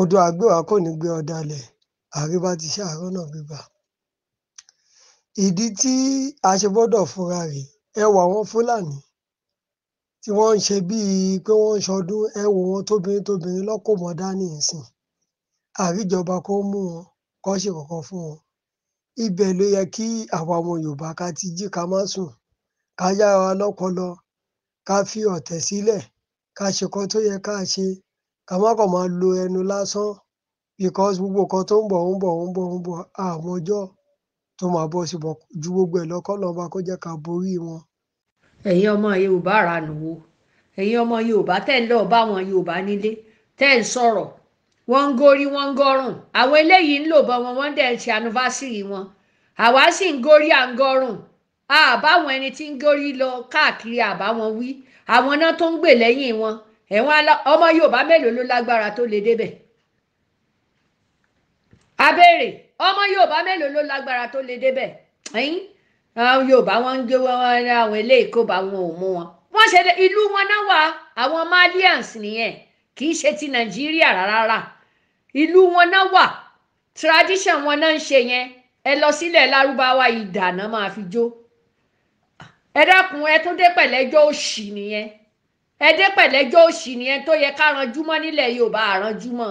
odò àgbéwà kò ní gbé ọ̀dàlẹ̀ àríwá ti ṣàárọ̀ náà gbígbà ìdí tí a ṣe gbọ́dọ̀ fura rèé ẹ wo àwọn fúlàní tí wọ́n ń ṣe bíi pé wọ́n ń ṣọdún ẹ wo wọn tóbìnrin tóbìnrin lọ́kọ̀mọ́ dání ìsìn àríjọba kó mú wọn kó ṣe kọ̀ọ̀kan fún wọn ibẹ̀ ló yẹ kí àwa ọmọ Yorùbá ká ti jí ká má sùn ká yára wa lọ́pọlọ ká fi ọ̀tẹ̀ sílẹ̀ ká ṣe kan tó yẹ ká ṣe ká má kàn máa lo ẹnu lásán because gbogbo nǹkan tó ń bọ̀ ń bọ̀ ń bọ̀ ń bọ̀ àmọ́jọ́ tó máa bọ́ sí bọ̀ ju gbogbo ẹ̀ lọ́kọ́ lọ́ba kó jẹ́ ká borí wọn. ẹ̀yin ọmọ Yorùbá ara nù ẹ̀yin ọmọ Yorùbá tẹ́ ń lọ bá wọn Yorùbá nílé tẹ́ ń sọ̀rọ̀ wọ́n ń gorí wọ́n ń gọ́rùn àwọn eléyìí ń lò bọ́ wọn wọ́n dẹ̀ ń ṣe anúfásì wọn àwa sì ń gorí à ń gọ́rùn àbáwọn ẹni tí ń górí lọ káàkiri àbáwọn wí àwọn náà tó ń gbè lẹ́yìn wọn ẹ̀wọ̀n ọmọ Yorùbá mélòó ló lágbára tó lè débẹ̀ abéèrè ọmọ Yorùbá mélòó ló lágbára tó lè débẹ̀ ẹ̀yìn àwọn Yorùbá wọn ń gbé wọn àwọn ilé ìkóbá wọn ò mú wọn wọn ṣe ìlú wọn náà wà àwọn malians nìyẹn kì í ṣe ti Nàìjíríà rárá ìlú wọn náà wà tradition wọn náà ń ṣe yẹn ẹ lọ sílẹ̀ lárúbáwá ìdáná máa fi jó ẹ dákun ẹ tún dé pẹ̀lẹ́jọ́ òṣì nìyẹn ẹ dé pẹ̀lẹ́jọ́ òṣì nìyẹn tó yẹ ká ranjú mọ́ nílẹ̀ Yorùbá àranjú mọ́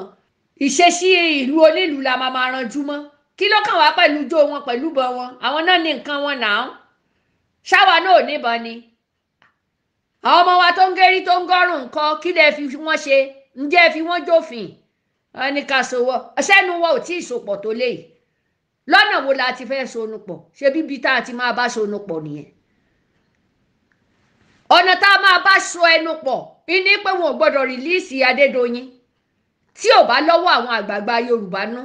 ìṣesí ìlú onílùú la máa máa ranjú mọ́ kí ló kàn wá pẹ̀lú jó wọn pẹ̀lú bọ wọn àwọn náà ní nǹkan wọn náà ṣáwa náà ò níbọn ni àwọn ọmọ wa tó ń gérí tó ń gọ́rùn nǹkan kí lẹ fi wọ́n ṣe ǹjẹ́ ẹ fi wọ́n jófin ẹni ká sọwọ́ ṣẹ́nu wọn ò tí ì sopọ̀ tó léyìí lọ́nà wo la ti fẹ́ sonupọ̀ ṣe bíbi tá a ti máa bá sonupọ̀ nìyẹn ọ̀nà tá a máa bá sọ ẹnu pọ̀ iní pé wọn ò gbọ́dọ̀ rìlíìsì Adédoyin tí ò bá lọ́wọ́ àwọn àgbààgbà Yorùbá nú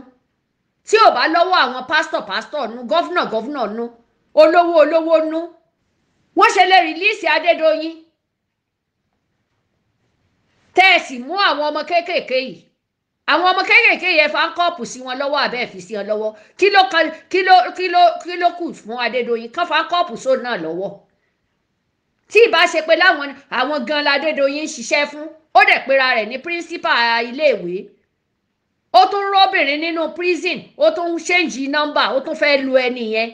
tí ò bá lọ́wọ́ àwọn pásítọ̀ pásítọ̀ nú gọ́fúnà gọ́fúnà nú olówó olówó nú wọ́n ṣe lè rìlíìsì Adédoyin tẹ́ ẹ sì mú àwọn ọmọ kéékèèké yìí àwọn ọmọ kéékèèké yẹn fa ń kọ́ọ̀pù sí wọn lọ́wọ́ àbẹ́ẹ̀ fi sí wọn lọ́wọ́ kí ló kí fún Adédoyin kán fa kọ́ọ̀pù sóun náà lọ́wọ́ tí ìbá ṣe pé láwọn àwọn gan ládédoyin ń ṣiṣẹ́ fún ó dẹ̀ pera rẹ̀ ní principal iléèwé ó tún rọ́bìnrin nínú prison ó tún ń ṣéǹjì nọ́mbà ó tún fẹ́ẹ́ lu ẹni yẹn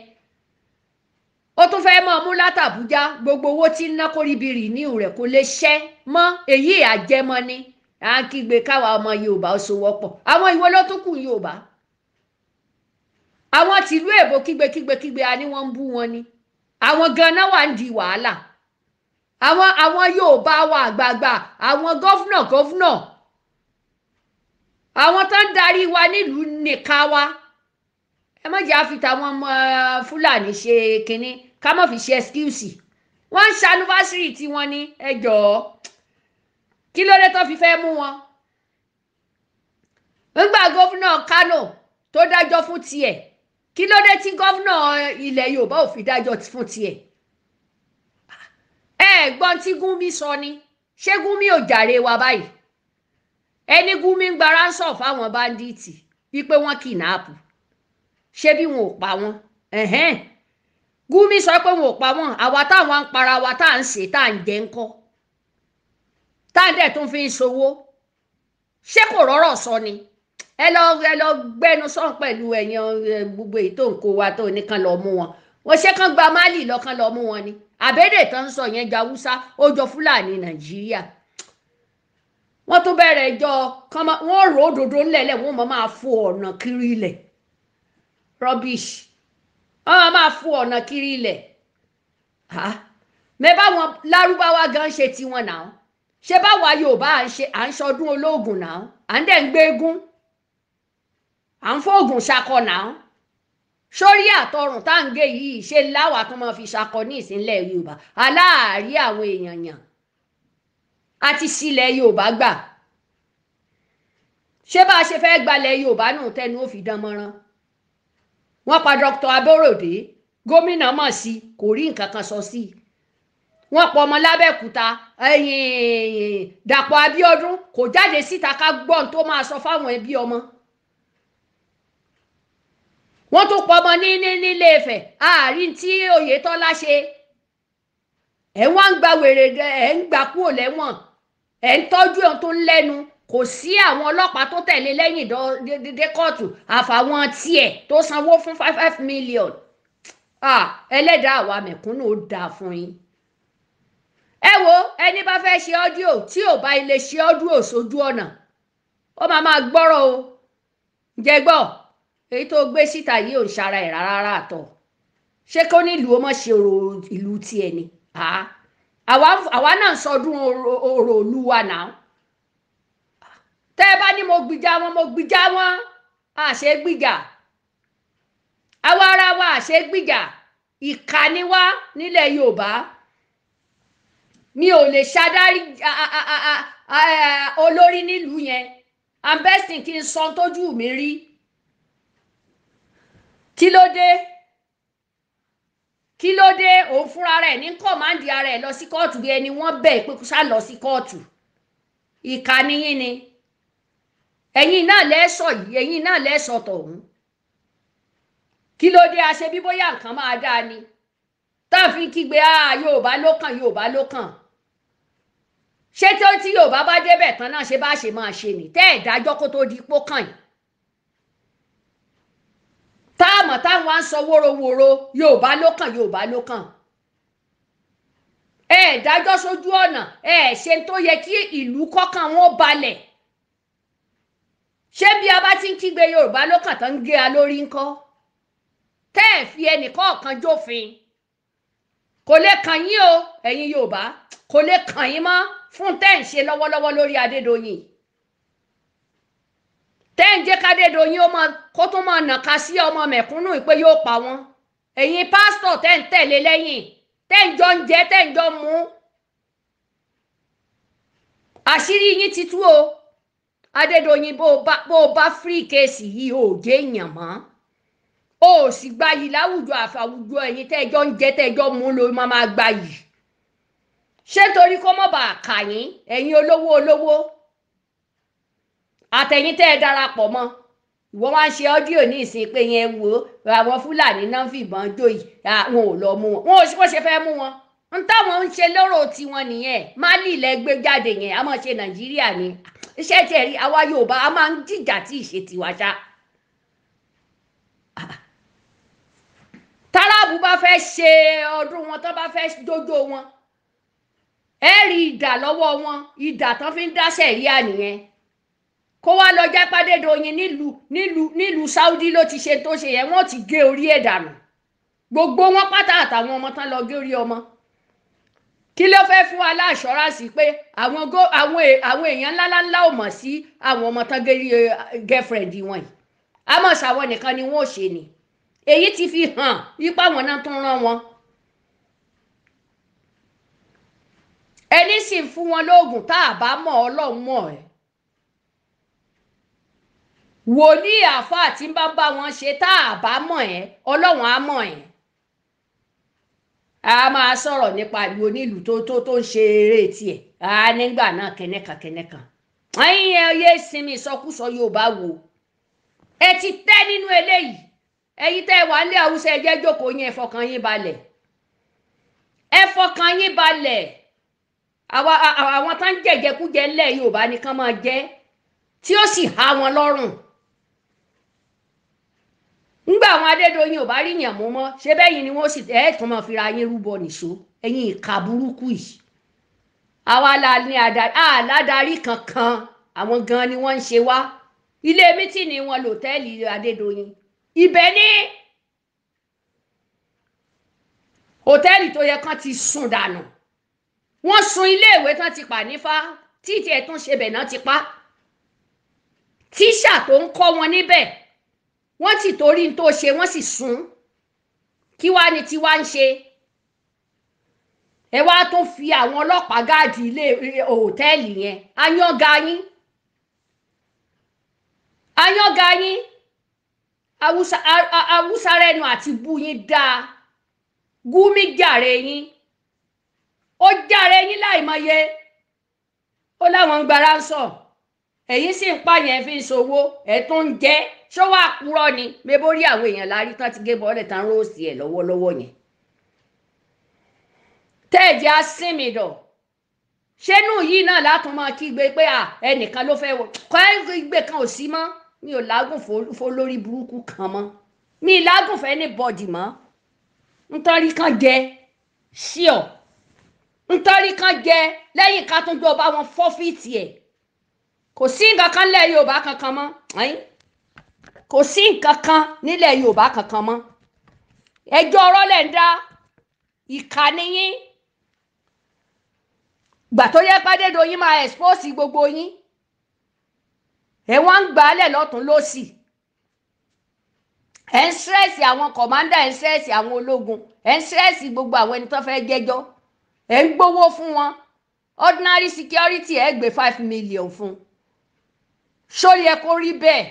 ó tún fẹ́ẹ́ máa mú látàbújá gbogbo owó tí ń ná kórìbìrì ní rẹ̀ kò lè ṣẹ́ mọ́ èyí àjẹmọ́ ni à ń kígbe káwa ọmọ Yorùbá ó sowọ́pọ̀ àwọn ìwọ ló tún kù Yorùbá àwọn tìlú èbó kígbe kígbe kígbe a ní wọ́n ń bú wọn ni àwọn ganan wà ń di wàhálà àwọn àwọn Yorùbá wa àgbààgbà àwọn gọ́fúnà gọ́fúnà àwọn tó ń darí wa nílùú nìka wa ẹ má jẹ́ àfi tàwọn ọmọ uh, Fúlàní ṣe kínní ká má fi ṣe ẹ́skíùsì wọ́n ń ṣanúfásírì tí wọ́n ní ẹ jọ̀ọ́ kí ló dé tó fi fẹ́ mú wọn. ńgbà gómìnà Kánò tó dájọ́ fún tiẹ̀ kí ló dé tí gómìnà uh, ilẹ̀ Yorùbá ò fi dájọ́ fún tiẹ̀ ẹ gbọ́n tí Gumi sọ ni ṣé Gumi ò jàre wa báyìí ẹni Gumi ń gba ransom fáwọn báńdíìtì wípé wọ́n kìnàpù ṣé bí wọn ò pa wọn ẹ̀hẹ́n Gumi sọ pé wọn ò pa wọn àwa táwọn ń para wa tá à ń ṣe tá à ń jẹ ń kọ́ tá à ń dẹ̀ tún fi ń ṣòwò ṣé kò rọ́rọ̀ sọ ni ẹ lọ ẹ lọ gbẹnu sọ̀n pẹ̀lú ẹ̀yàn gbogbo èyí tó wa tó ní kan lọ mú wọn wọn ṣé kán gba máàlì lọ lọ mú wọn ni àbédè tó ń sọ yẹn jáwúsá ó jọ fúlàní nàìjíríà wọ́n tó bẹ̀rẹ̀ jọ wọ́n rò ó dòdò ńlẹ̀lẹ̀ wọ́n mọ̀ máa fo ọ̀nà kiri ilẹ̀ rubbish wọ́n máa fo ọ̀nà kiri ilẹ̀ mẹ báwọn lárúbáwá gan ṣe tiwọn náà ṣe báwa yorùbá à ń ṣọdún olóògùn náà à ń dẹ̀ ń gbégún à ń fóògùn ṣakọ náà sórí àtọrùn tá à ń gé yìí ṣe láwàá tó máa fi ṣakọ ní ìsínlẹ̀ yorùbá aláàárí àwọn èèyàn yàn àti sílẹ̀ yorùbá gbà ṣé bá a ṣe fẹ́ gbalẹ̀ yorùbá nù tẹnu ó fi dán mọ́rán wọ́n pa dr aborode gómìnà mọ̀ sí kò rí nǹkan kan sọ sí wọ́n pọ̀ ọmọ lábẹ́òkúta dàpọ̀ abíọ́dún kò jáde síta ká gbọ́n tó máa sọ fáwọn ẹbí ọmọ wọ́n tún pọmọ ní ní nílé Ifẹ̀ àárín tí Oyètọ́lá ṣe ẹ̀ ń wá ń gba wèrè ẹ̀ ń gbà kúrò lẹ́wọ̀n ẹ̀ ń tọ́jú ẹ̀ tó ń lẹ́nu kò sí àwọn ọlọ́pàá tó tẹ̀lé lẹ́yìn dédé kóòtù àfàwọn tiẹ̀ tó sanwó fún five five million ẹlẹ́dàá àwa mẹ̀kúnnù ó dáa fún yín ẹ wo ẹni bá fẹ́ ṣe ọ́díò tí ò bá ilé ṣe ọ́díò sójú ọ̀nà ó máa máa gbọ́rọ̀ o jẹ́gbọ́n. èyí tó gbé síta yìí ò ń ṣara ẹ̀ rárá àtọ̀ ṣé kó nílùú ó mọ̀ ṣe òrò ìlú tiẹ̀ ni àwa náà ń sọdún òrò òlu wa náà tẹ́ ẹ bá ní mo gbìjà wọn mo gbìjà wọn a ṣe gbìjà àwa ara wa a ṣe gbìjà ìkà ni nílẹ̀ Yorùbá mi ò lè ṣadárí olórí nílùú yẹn ambestin kí n san tójú mi rí kí ló dé kí ló dé òun fúnra rẹ̀ ní kọmáǹdì ara ẹ̀ lọ sí kóòtù bí ẹni wọ́n bẹ̀ pé kó sá lọ sí kóòtù ìka ni ẹ̀yin náà lẹsọ yìí ẹ̀yin náà lẹsọ tọ̀hún kí ló dé aṣẹ bí bóyá nǹkan máa dáa ni tá a fi kígbe a ah, Yorùbá ló kàn Yorùbá ló kàn ṣé tí Yorùbá bá débẹ̀ tán náà ṣe bá ṣe máa ṣe nì tẹ́ ẹ̀ dájọ́ kó tó di pó yìí táàmù táwọn á ń sọ wóróworó yorùbá ló kàn yorùbá ló kàn ẹ ẹ dájọ́ sójú ọ̀nà ẹ ẹ ṣe tó yẹ kí ìlú kọ́kàn wọn balẹ̀ ṣé bí a bá ti ń kígbe yorùbá ló kàn tó ń gé a lórí ńkọ́ tẹ́ ẹ̀ fi ẹnìkan ọ̀kan jófin kò lè kàn yín o ẹ̀yin yorùbá kò lè kàn yín mọ́ fún tẹ́ ẹ̀ ń ṣe lọ́wọ́lọ́wọ́ lórí adédọ̀yìn tẹ́ǹjẹ́ kádédo yín kó tún máa nàka sí ọmọ mẹ̀kúnnù pé yóò pa wọ́n ẹ̀yin pásítọ̀ tẹ́ǹ tẹ̀lé lẹ́yìn tẹ́ǹjọ́ ń jẹ tẹ́ǹjọ́ mú àṣírí yín ti tú o adédọ̀yìn bó o bá fírí kéèsì yìí ò jẹ́ èèyàn mọ́ o ò sì gbayì láwùjọ àfàwùjọ ẹ̀yin tẹ́ẹ̀jọ́ ń jẹ tẹ́ẹ̀jọ́ mú ló má má gbayì ṣé torí kó mọ̀ bá a kà yín ẹ̀yin olówó olówó àtẹ̀yìn tẹ́ ẹ darapọ̀ mọ́ ìwọ́n wá ń ṣe ọ́díò ní ìsìn pé yẹn wò ó àwọn fúlàní náà ń fìbọn jó yìí àwọn ò lọ mú wọn wọn ò wọ́n ṣe fẹ́ mú wọn n táwọn ń ṣe lọ́rọ̀ tiwọn nìyẹn málì lẹ gbé jáde yẹn a máa ṣe nàìjíríà ni iṣẹ́ tẹ̀ rí àwa yorùbá a máa ń jìjà tí ìṣe tiwa ṣá. táráàbù bá fẹ́ ṣe ọdún wọn tó bá fẹ́ dójó wọn ẹ rí ìdà lọ́wọ́ wọn ìdà tó fi ń dá sẹ̀ríà nìyẹn kó wá lọ jápá Adédoyin nílùú nílùú nílùú Saudi ló ti ṣe tó ṣe yẹn wọ́n ti gé orí ẹ̀ dànù gbogbo wọn pátá àtàwọn ọmọ tán lọ gé orí ọmọ kí ló fẹ́ fún wa láṣọ́ráṣì pé àwọn àwọn èèyàn ńláńlá ò mọ̀ sí àwọn ọmọ tán gé girlfriend wọn yìí àmọ́ ṣàwọn nìkan ni wọ́n ò ṣe ni èyí ti fi hàn ipá wọn náà tún rán wọn. ẹni sì ń fún wọn lóògùn tá a bá mọ̀ ọlọ́run mọ̀ ẹ́ wòlíì àáfàá tí ń bá bá wọn ṣe tá a bá mọ̀ ẹ́ ọlọ́run á mọ̀ ẹ́ a máa sọ̀rọ̀ nípa ìlú onílù tó tó tó ń ṣe eré tiẹ̀ a nígbà náà kẹ́nẹ́kan kẹ́nẹ́kan ẹ̀yin ẹ yé sinmi ìsọkúsọ Yorùbá wo ẹ ti tẹ́ nínú eléyìí ẹ̀yin tẹ́ ẹ wà nílé Haúsá ẹ jẹ́ jókòó yín ẹ fọkàn yín balẹ̀ ẹ fọkàn yín balẹ̀ àwọn tá ń jẹ̀jẹ̀kújẹ ńlẹ̀ Yorùbá nìkan máa jẹ́ tí ó sì há wọn lọ́rùn ńgbà àwọn adédọyìn ò bá rí yàn mú mọ́ ṣé bẹ́yìn ni wọ́n sì ẹ̀ tún máa fira yín rúbọ nìṣó ẹ̀yin ìka burúkú yìí àwa la ní àládarí kankan àwọn gan ni wọ́n ń ṣe wá ilé mítìnì wọn lòtẹ́ẹ̀lì adédọyìn ibẹ̀ ni hòtẹ́ẹ̀lì tó yẹ kán ti sùn dànù wọ́n sun iléèwé tán ti pa nífá títí ẹ̀ tún ṣe bẹ̀ náà ti pa tíṣà tó ń kọ́ wọn níbẹ̀ wọ́n ti torí tó ṣe wọ́n sì sún kí wàá ní tiwa ń ṣe ẹ wá tún fi àwọn ọlọ́pàá gáàdì ilé eh, òtẹ́ẹ̀lì yẹn ayọ́ga yín ayọ́ga yín awúsárẹ́nu àti bú yín dáa gúmi jàre yín ó jàre yín láìmọye ó láwọn ń gbára ń sọ èyí sì ń pààyàn fi ń ṣòwò ẹ̀ tún ń jẹ́ ṣó wàá purọ́ ni mebo rí àwọn èèyàn lárí tán ti gé bọ́ọ̀lẹ̀ tán róòsì ẹ̀ lọ́wọ́lọ́wọ́ yẹn tẹ́ẹ̀jẹ́ á sinmi dọ̀ ṣénú yìí náà látún máa kígbe pé ẹnìkan ló fẹ́ wọ kọ́ ẹgbẹ́ kan ò sí mọ́ mi ò lágùn fólórí burúkú kan mọ́ mi lágùn fẹ́ ní bọ́ọ̀dì mọ́ nítorí kan jẹ ṣíọ̀ nítorí kan jẹ lẹ́yìn ká tún jọ bá wọn fọ́fíìtì ẹ̀ kò sí nǹkan kan lẹ́ Yorùbá kankan mọ́ kò sí nǹkan kan nílẹ̀ yorùbá kankan mọ́ ẹjọ́ ọ̀rọ̀ lẹ̀ ń dá ìkà niyín gbà tó yẹ pàdédo yín máa expose gbogbo yín ẹ wá ń gbàálẹ̀ lọ́tún lọ́sì ẹ ń sírẹ́sì àwọn kọ̀mándà ẹ ń sírẹ́sì àwọn ológun ẹ ń sírẹ́sì gbogbo àwọn ẹni tó fẹ́ jẹ́jọ́ ẹ ń gbowó fún wọn ordinary security ẹ gbé five million fún ṣó yẹ kó rí bẹ́ẹ̀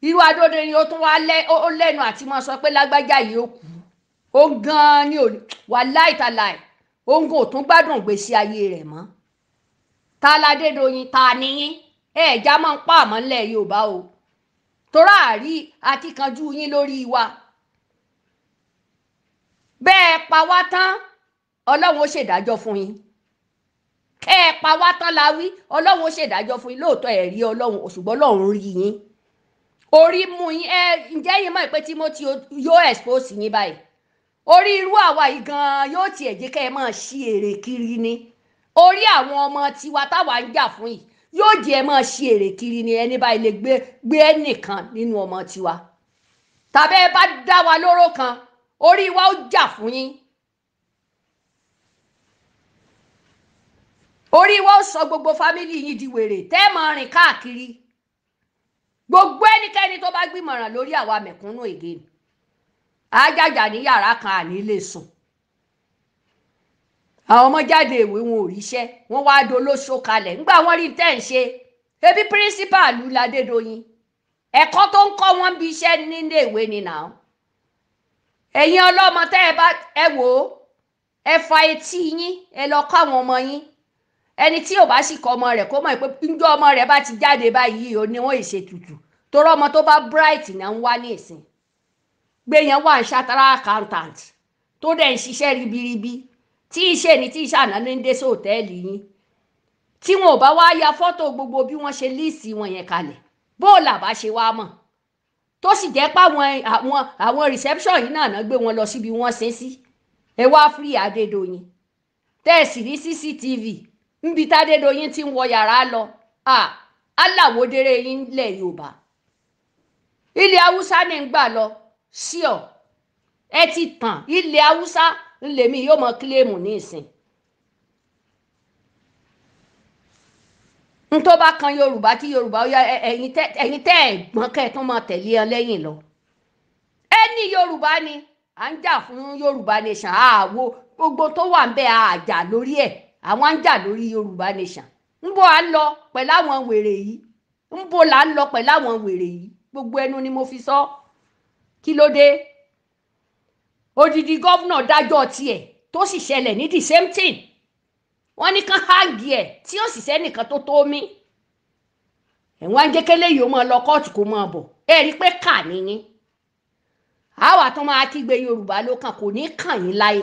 irú adóde ni ó tún wá lẹ́nu àti máa sọ pé lágbájá yìí ó kú ó gan-an ni wà láìtàláì òun kò tún gbádùn ìgbésí ayé rẹ̀ mọ́ ta ládédoyin ta níyín ẹ ẹ̀já máa ń pa àmọ́ ńlẹ̀ yorùbá o torá àrí akíkanjú yín lórí wa bẹ́ẹ̀ pa wá tán ọlọ́run ó ṣèdájọ́ fún yín ẹ pa wá tán la wí ọlọ́run ó ṣèdájọ́ fún yín lóòótọ́ ẹ̀ rí ọlọ́run ṣùgbọ́n ọlọ́run rí yín orí mú yín ẹ ǹjẹ́ yín mọ̀ pé Timothy yóò expose yín báyìí orí irú àwa yìí gan-an yóò tiẹ̀ jẹ́ kẹ́ ẹ máa ṣí èrè kiri ni orí àwọn ọmọ tiwa táwa ń jà fún yìí yóò jẹ́ ẹ máa ṣí èrè kiri ni ẹni báyìí lè gbé gbé ẹnìkan nínú ọmọ tiwa tàbí ẹ bá dá wa lóró kan orí wa ó jà fún yín orí wa ó sọ gbogbo fámìlì yín di wèrè tẹ́ ẹ máa rìn káàkiri gbogbo ẹnikẹ́ni tó bá gbìmọ̀ràn lórí àwa mẹ̀kúnnù ègé ni àjàjà ní yàrá kan àní lè sùn àwọn ọmọ jáde ìwé wọn ò ríṣẹ́ wọ́n wá dolóṣó kalẹ̀ ńgbà wọ́n rí tẹ́ ń ṣe ebi pírísípàlù ládédọyìn ẹ̀kọ́ tó ń kọ́ wọn bí iṣẹ́ nílé ìwé ni nà án ẹ̀yin ọlọ́mọ tẹ́ ẹ bá ẹ wò ó ẹ fa etí yín ẹ lọ kọ́ àwọn ọmọ yín ẹni tí ò bá sì kọ ọmọ rẹ̀ kó mọ̀ pé njọ́ ọmọ rẹ̀ bá ti jáde báyìí o ni wọ́n ìṣètùtù torọ́ ọmọ tó bá bright náà ń wá ní ìsìn gbé yẹn wà ń ṣàtàrà accountant tó dẹ̀ ń ṣiṣẹ́ ribiribi tí iṣẹ́ ni tí iṣẹ́ àná ní dé sóòtẹ́ẹ̀lì yín tí wọn ò bá wá ya fọ́tò gbogbo bí wọ́n ṣe líìsì wọn yẹn kalẹ̀ bó làbá ṣe wá mọ̀ tó sì jẹ́ pé àwọn àwọn àwọn reception yìí náà gbé wọn lọ síbi wọ́n ṣe sí ẹ wá free Adédoyin tẹ́ ẹ CCTV níbi tádédọyìn ti ń wọ yàrá lọ aláwòdere yín lẹ̀ yorùbá ilẹ̀ haúsá ní ń gbà lọ sí ọ ẹ ti tàn ilẹ̀ haúsá ńlẹ̀mí yóò mọ kílẹ̀mù ní ìsìn n tó bá kan yorùbá tí yorùbá ọyá ẹ̀yin tẹ́ ẹ̀ gbọ́n kẹ́ ẹ̀ tún máa tẹ̀lé ẹ lẹ́yìn lọ ẹni yorùbá ni à ń jà fún yorùbá nation àwo gbogbo tó wà ń bẹ àjà lórí ẹ̀ àwọn ń jà lórí yorùbá nation ń bọ̀ à ń lọ pẹ̀lú àwọn wèrè yìí ń bọ̀ là ń lọ pẹ̀lú àwọn wèrè yìí gbogbo ẹnu ni mo fi sọ kí ló dé odidi gọ́vnà dájọ́ tiẹ̀ tó sì ṣẹlẹ̀ ní the same thing wọ́n ní kán háàgì ẹ̀ tí ó sì sẹ́nìkan tó tó mí ẹ̀wọ̀n ajékélé yìí ó máa lọ kóòtù kó máa bọ̀ ẹ rí i pé kà nìyí àwa tó máa kígbe yorùbá ló kàn kò ní kàn yín láyé